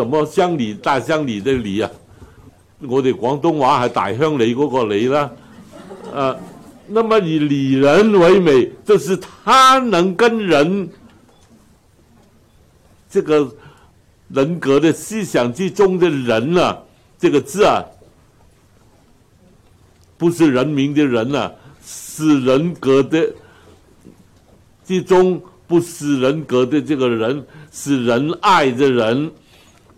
什麼鄉里大鄉里的里啊？我哋廣東話係大鄉里嗰個里啦、啊。啊，那麼以里人為美，就是他能跟人，這個人格的思想之中的人啊，這個字啊，不是人民的人啊，是人格的之中，不是人格的，這個人是仁愛的人。